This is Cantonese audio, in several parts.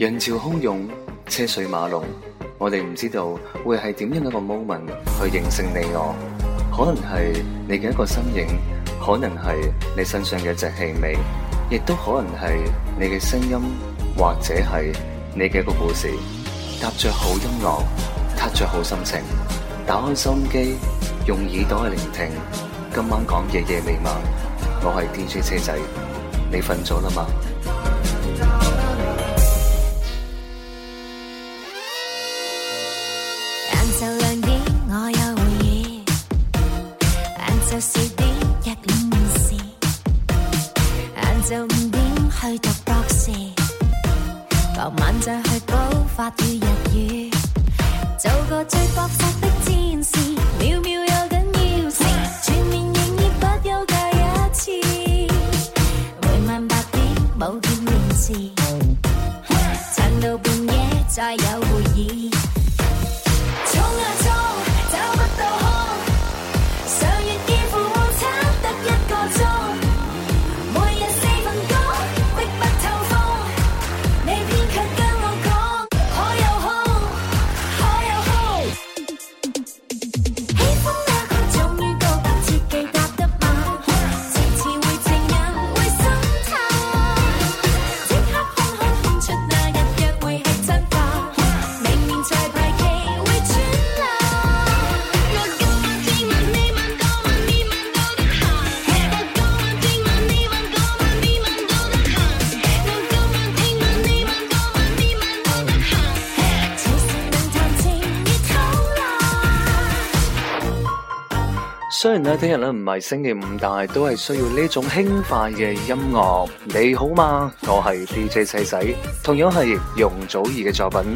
人潮洶湧，車水馬龍，我哋唔知道會係點樣一個 moment 去認識你我，可能係你嘅一個身影，可能係你身上嘅一陣氣味，亦都可能係你嘅聲音，或者係你嘅一個故事。踏着好音樂，踏着好心情，打開收音機，用耳朵去聆聽。今晚講嘅夜未晚，我係 DJ 車仔，你瞓咗啦嘛？就五點去讀博士，傍晚再去補法語、日語，做個最博學的戰士。秒秒有緊要事，全面營業不休假一次，每晚八點無見面時，撐到半夜再有。雖然咧，聽日咧唔係星期五，但係都係需要呢種輕快嘅音樂。你好嘛？我係 DJ 仔仔，同樣係容祖兒嘅作品。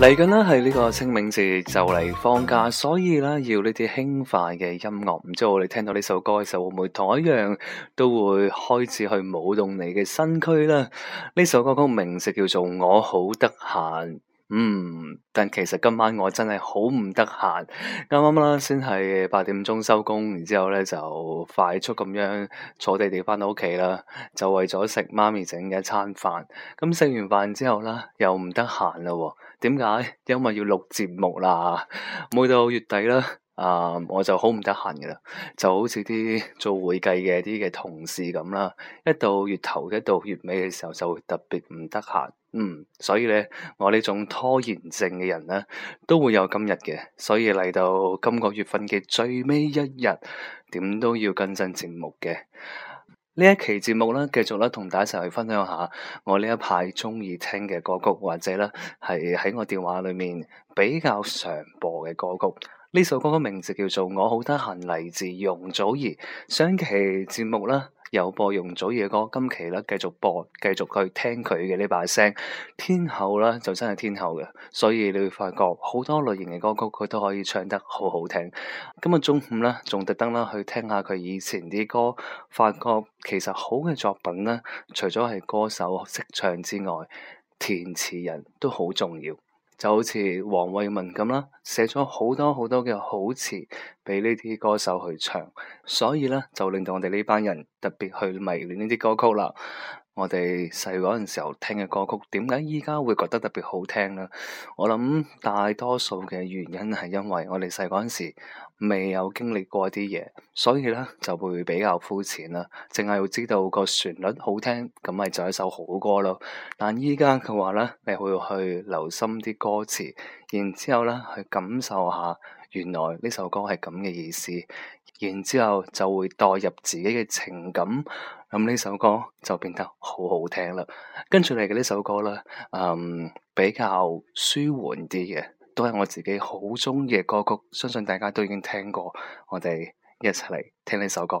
嚟緊呢係呢個清明節就嚟放假，所以呢要呢啲輕快嘅音樂。唔知我哋聽到呢首歌嘅時候，會唔會同一樣都會開始去舞動你嘅身軀呢？呢首歌曲名字叫做《我好得閒》，嗯，但其實今晚我真係好唔得閒。啱啱啦，先係八點鐘收工，然之後咧就快速咁樣坐地鐵翻到屋企啦，就為咗食媽咪整嘅一餐飯。咁食完飯之後呢，又唔得閒啦喎。點解？因為要錄節目啦，每到月底啦，啊，我就好唔得閒嘅啦，就好似啲做會計嘅啲嘅同事咁啦，一到月頭，一到月尾嘅時候就會特別唔得閒。嗯，所以咧，我呢種拖延症嘅人咧，都會有今日嘅，所以嚟到今個月份嘅最尾一日，點都要更新節目嘅。呢一期節目咧，繼續咧同大家一齊去分享下我呢一排鍾意聽嘅歌曲，或者咧係喺我電話裏面比較常播嘅歌曲。呢首歌嘅名字叫做《我好得閒》，嚟自容祖兒。上期節目呢，有播容祖兒嘅歌，今期呢，繼續播，繼續去聽佢嘅呢把聲。天后呢，就真係天后嘅，所以你會發覺好多類型嘅歌曲佢都可以唱得好好聽。今日中午呢，仲特登啦去聽下佢以前啲歌，發覺其實好嘅作品呢，除咗係歌手識唱之外，填詞人都好重要。就好似黃偉文咁啦，寫咗好多好多嘅好詞畀呢啲歌手去唱，所以咧就令到我哋呢班人特別去迷戀呢啲歌曲啦。我哋細嗰陣時候聽嘅歌曲，點解依家會覺得特別好聽呢？我諗大多數嘅原因係因為我哋細嗰陣時未有經歷過啲嘢，所以咧就會比較膚淺啦，淨係要知道個旋律好聽，咁咪就係一首好歌咯。但依家嘅話咧，你會去留心啲歌詞，然之後咧去感受下。原來呢首歌係咁嘅意思，然之後就會代入自己嘅情感，咁呢首歌就變得好好聽啦。跟住嚟嘅呢首歌咧，嗯，比較舒緩啲嘅，都係我自己好鍾意嘅歌曲，相信大家都已經聽過。我哋一齊嚟聽呢首歌。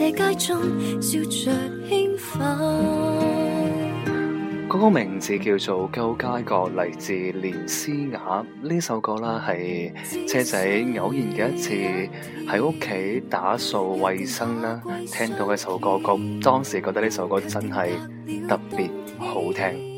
街中笑着興奮，嗰個名字叫做《舊街角》，嚟自《連詩雅》。呢首歌啦，係車仔偶然嘅一次喺屋企打掃衛生啦，聽到一首歌曲，當時覺得呢首歌真係特別好聽。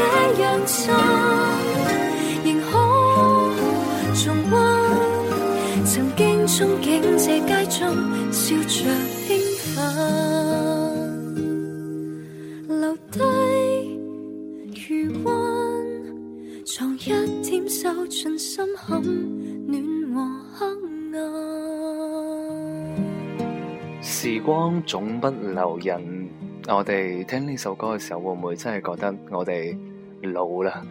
這樣深，仍可重溫曾經憧憬這街中，笑着興奮，留低餘溫，藏一點收進心坎，暖和黑暗。時光總不留人，我哋聽呢首歌嘅時候，會唔會真係覺得我哋？老啦，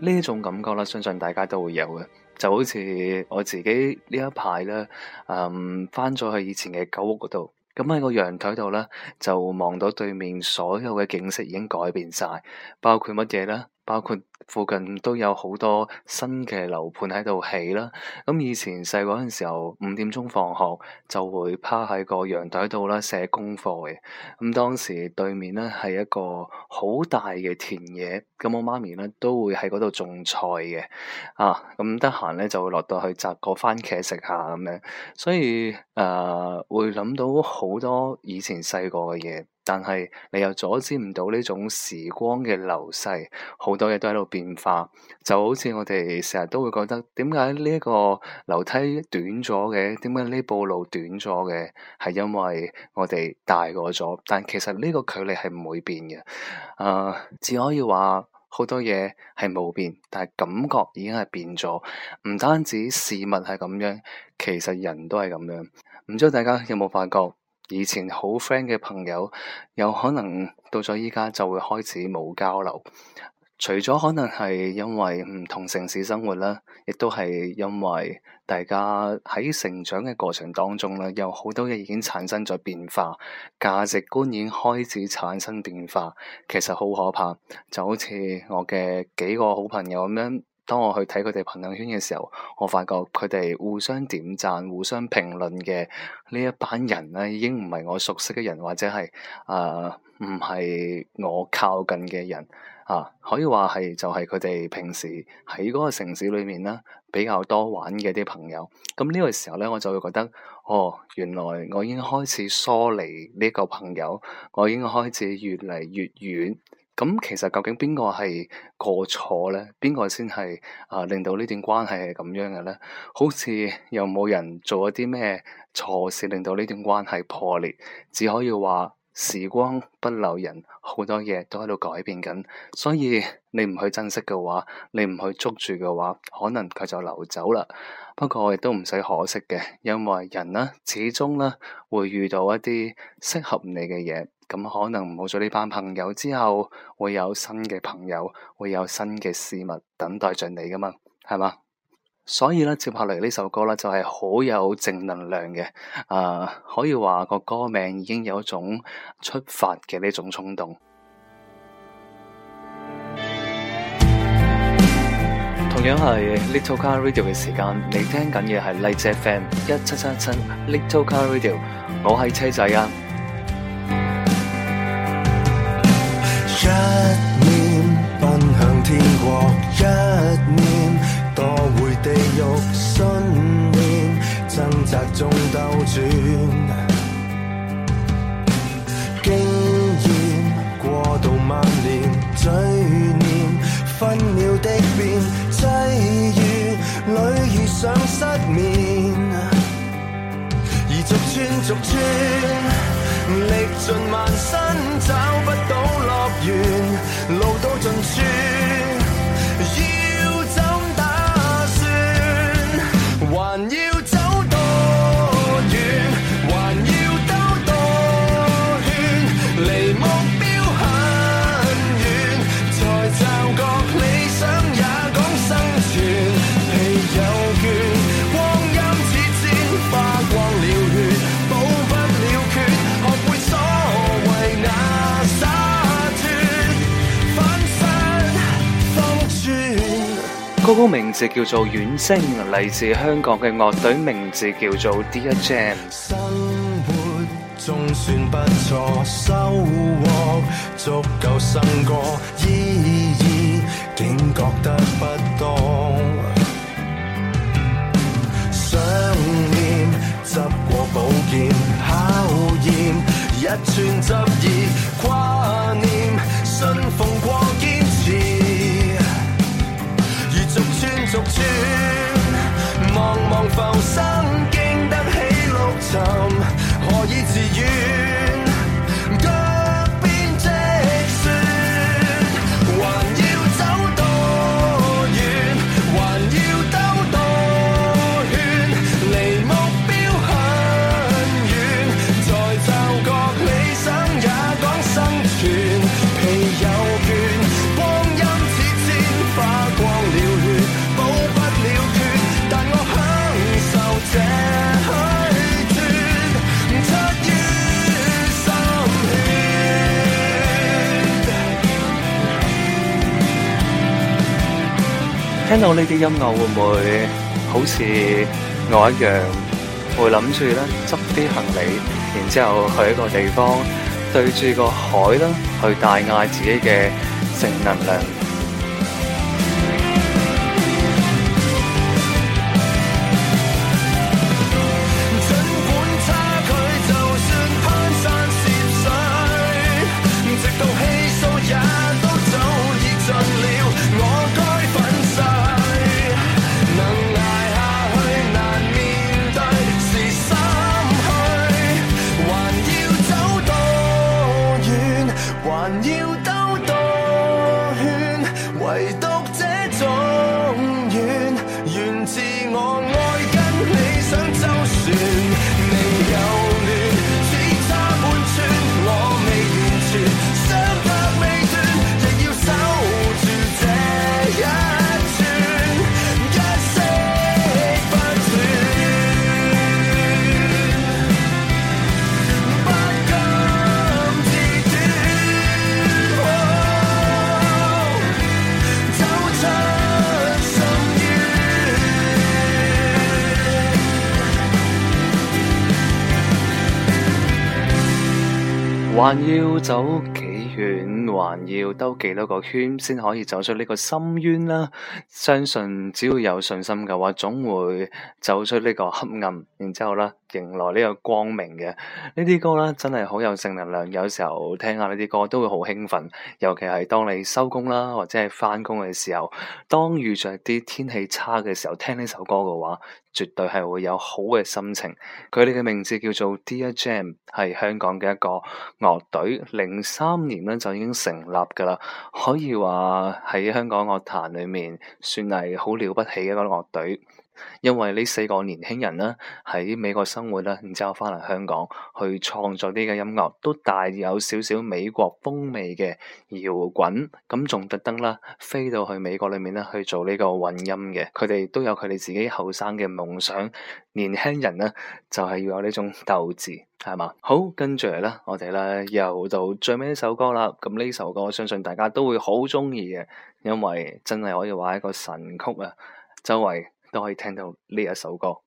呢一種感覺啦，相信大家都會有嘅，就好似我自己呢一排咧，嗯，翻咗去以前嘅舊屋嗰度，咁喺個陽台度咧，就望到對面所有嘅景色已經改變晒，包括乜嘢咧，包括。附近都有好多新嘅樓盤喺度起啦。咁以前細個陣時候，五點鐘放學就會趴喺個陽台度啦寫功課嘅。咁當時對面咧係一個好大嘅田野，咁我媽咪咧都會喺嗰度種菜嘅。啊，咁得閒咧就會落到去摘個番茄食下咁樣。所以誒、呃、會諗到好多以前細個嘅嘢，但係你又阻止唔到呢種時光嘅流逝，好多嘢都喺度變化就好似我哋成日都會覺得，點解呢個樓梯短咗嘅？點解呢步路短咗嘅？係因為我哋大個咗，但其實呢個距離係唔會變嘅。誒，uh，只可以話好多嘢係冇變，但係感覺已經係變咗。唔單止事物係咁樣，其實人都係咁樣。唔知道大家有冇發覺，以前好 friend 嘅朋友，有可能到咗依家就會開始冇交流。除咗可能係因為唔同城市生活啦，亦都係因為大家喺成長嘅過程當中咧，有好多嘢已經產生咗變化，價值觀已經開始產生變化。其實好可怕，就好似我嘅幾個好朋友咁樣。當我去睇佢哋朋友圈嘅時候，我發覺佢哋互相點讚、互相評論嘅呢一班人咧，已經唔係我熟悉嘅人，或者係啊，唔係我靠近嘅人。啊，可以話係就係佢哋平時喺嗰個城市裏面啦，比較多玩嘅啲朋友。咁、嗯、呢、個時候咧，我就會覺得，哦，原來我已經開始疏離呢個朋友，我已經開始越嚟越遠。咁、嗯、其實究竟邊個係過錯咧？邊個先係啊？令到呢段關係係咁樣嘅咧？好似又冇人做一啲咩錯事令到呢段關係破裂，只可以話。時光不留人，好多嘢都喺度改變緊，所以你唔去珍惜嘅話，你唔去捉住嘅話，可能佢就流走啦。不過我亦都唔使可惜嘅，因為人呢，始終呢會遇到一啲適合你嘅嘢，咁可能冇咗呢班朋友之後，會有新嘅朋友，會有新嘅事物等待着你噶嘛，係嘛？所以呢，接下嚟呢首歌呢，就係、是、好有正能量嘅。誒、呃，可以話個歌名已經有一種出發嘅呢種衝動。同樣係 Little Car Radio 嘅時間，你聽緊嘅係 Lite FM 一七七七 Little Car Radio，我係車仔啊！一念奔向天國，一念。多回地獄信念，掙扎中鬥轉，經驗過度萬年，追念分秒的變，際遇，裏遇上失眠，而逐寸逐寸，力盡萬身，找不到樂園。叫做遠征，嚟自香港嘅樂隊名字叫做 Dear Jam。望望浮生。聽到呢啲音樂會唔會好似我一樣，我會諗住咧執啲行李，然之後去一個地方對住個海啦，去大嗌自己嘅正能量。還要走幾遠，還要兜幾多個圈，先可以走出呢個深淵啦。相信只要有信心嘅話，總會走出呢個黑暗。然之後咧。迎來呢個光明嘅呢啲歌咧，真係好有正能量。有時候聽下呢啲歌都會好興奮，尤其係當你收工啦或者係翻工嘅時候，當遇着啲天氣差嘅時候，聽呢首歌嘅話，絕對係會有好嘅心情。佢哋嘅名字叫做 Dear Jam，係香港嘅一個樂隊。零三年咧就已經成立噶啦，可以話喺香港樂壇裏面算係好了不起嘅一個樂隊。因為呢四個年輕人呢，喺美國生活啦，然之後翻嚟香港去創作呢個音樂，都帶有少少美國風味嘅搖滾。咁仲特登啦，飛到去美國裏面呢去做呢個混音嘅。佢哋都有佢哋自己後生嘅夢想。年輕人呢，就係、是、要有呢種鬥志，係嘛？好。跟住嚟呢，我哋呢又到最尾一首歌啦。咁呢首歌我相信大家都會好鍾意嘅，因為真係可以話係一個神曲啊，周圍，都可以聽到呢一首歌。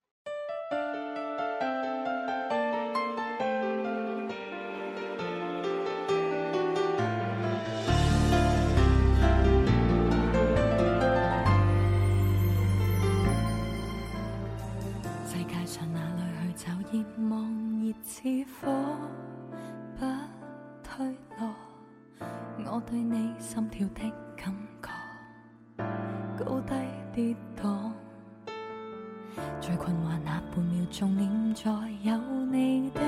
最困惑那半秒鐘，念在有你的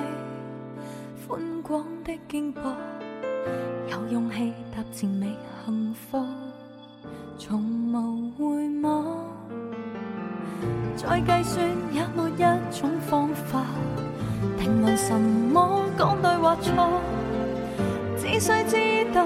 寬廣的肩膊，有勇氣踏前覓幸福，從無回望。再計算也沒有一種方法，評論什麼講對或錯，只需知道。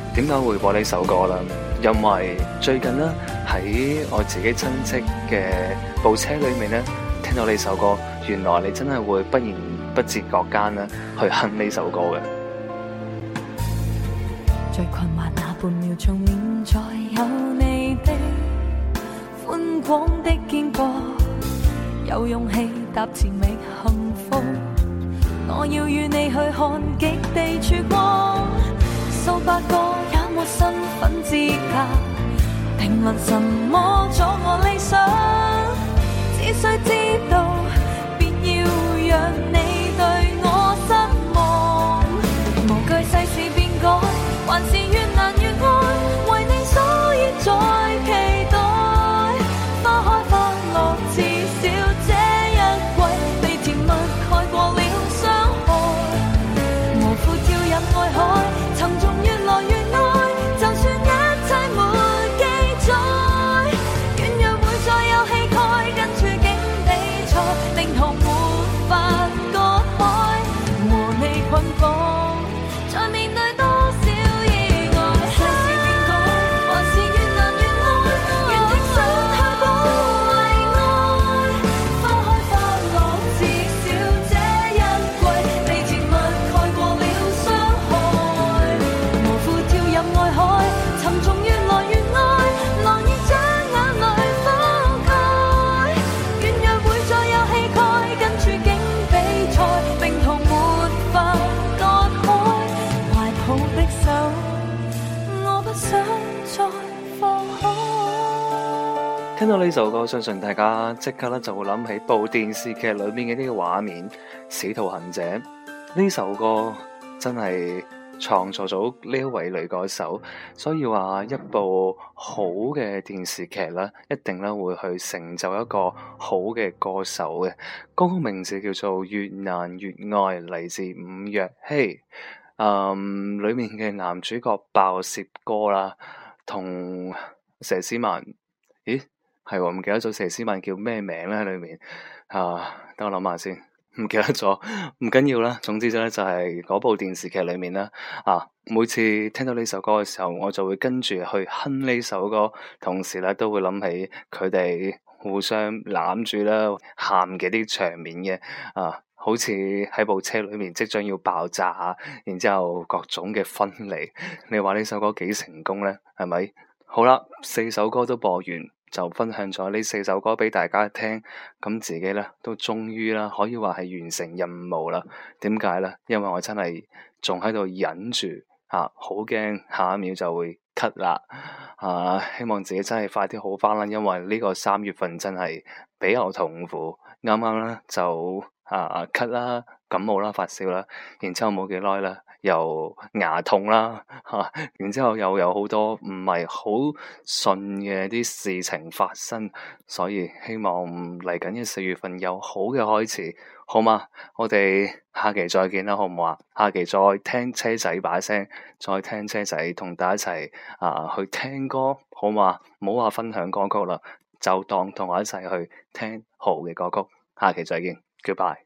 點解會播呢首歌啦？因為最近咧喺我自己親戚嘅部車裏面咧聽到呢首歌，原來你真係會不知不覺間咧去哼呢首歌嘅。最困難那半秒，總免在有你的寬廣的肩膊，有勇氣踏前覓幸福。我要與你去看極地曙光。數百個也沒有身份資格，評論什麼阻我理想，只需知道，便要讓你。呢首歌相信大家即刻咧就會諗起部電視劇裏面嘅呢個畫面，《使徒行者》。呢首歌真係創作咗呢一位女歌手，所以話一部好嘅電視劇咧，一定咧會去成就一個好嘅歌手嘅。歌曲名字叫做《越難越愛》，嚟自吳若希。嘿，嗯，裏面嘅男主角爆涉哥啦，同佘詩曼，咦？係唔記得咗佘詩曼叫咩名喺裏面啊，等我諗下先，唔記得咗，唔緊要啦。總之咧就係嗰部電視劇裏面啦。啊，每次聽到呢首歌嘅時候，我就會跟住去哼呢首歌，同時咧都會諗起佢哋互相攬住啦喊嘅啲場面嘅啊，好似喺部車裏面即將要爆炸，然之後各種嘅分離。你話呢首歌幾成功咧？係咪？好啦，四首歌都播完。就分享咗呢四首歌畀大家聽，咁自己咧都終於啦，可以話係完成任務啦。點解咧？因為我真係仲喺度忍住，吓，好驚下一秒就會咳啦。啊，希望自己真係快啲好翻啦，因為呢個三月份真係比較痛苦。啱啱咧就啊咳啦，感冒啦，發燒啦，然之後冇幾耐啦。又牙痛啦，吓、啊，然之後又有好多唔係好順嘅啲事情發生，所以希望嚟緊嘅四月份有好嘅開始，好嘛？我哋下期再見啦，好唔好啊？下期再聽車仔把聲，再聽車仔同大家一齊啊去聽歌，好嘛？唔好話分享歌曲啦，就當同我一齊去聽好嘅歌曲，下期再見，Goodbye。